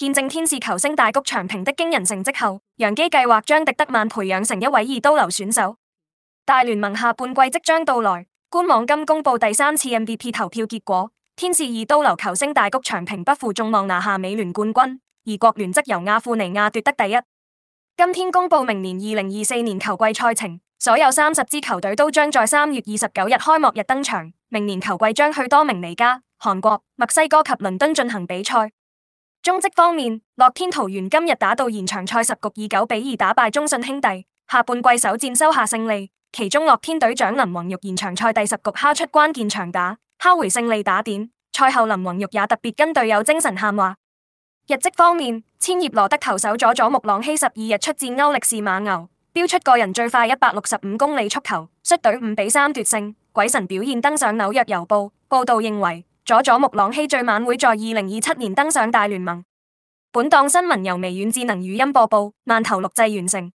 見證天使球星大谷翔平的驚人成績後，楊基計劃將迪德曼培養成一位二刀流選手。大聯盟下半季即將到來，官網今公布第三次 MVP 投票結果，天使二刀流球星大谷翔平不負眾望拿下美聯冠軍，而國聯則由亞庫尼亞奪，奪得第一。今天公布明年二零二四年球季賽程，所有三十支球隊都將在三月二十九日開幕日登場。明年球季將去多明尼加、韓國、墨西哥及倫敦進行比賽。中職方面，樂天桃園今日打到延長賽十局以九比二打敗中信兄弟，下半季首戰收下勝利。其中樂天隊長林泓玉延長賽第十局敲出關鍵長打，敲回勝利打點。賽後林泓玉也特別跟隊友精神喊話。日職方面，千葉羅德投手佐佐木朗希十二日出戰歐力士馬牛，飆出個人最快一百六十五公里速球，率隊五比三奪勝。鬼神表現登上紐約郵報，報道認為。佐佐木朗希最晚會在二零二七年登上大聯盟。本檔新聞由微軟智能語音播報，饅頭錄製完成。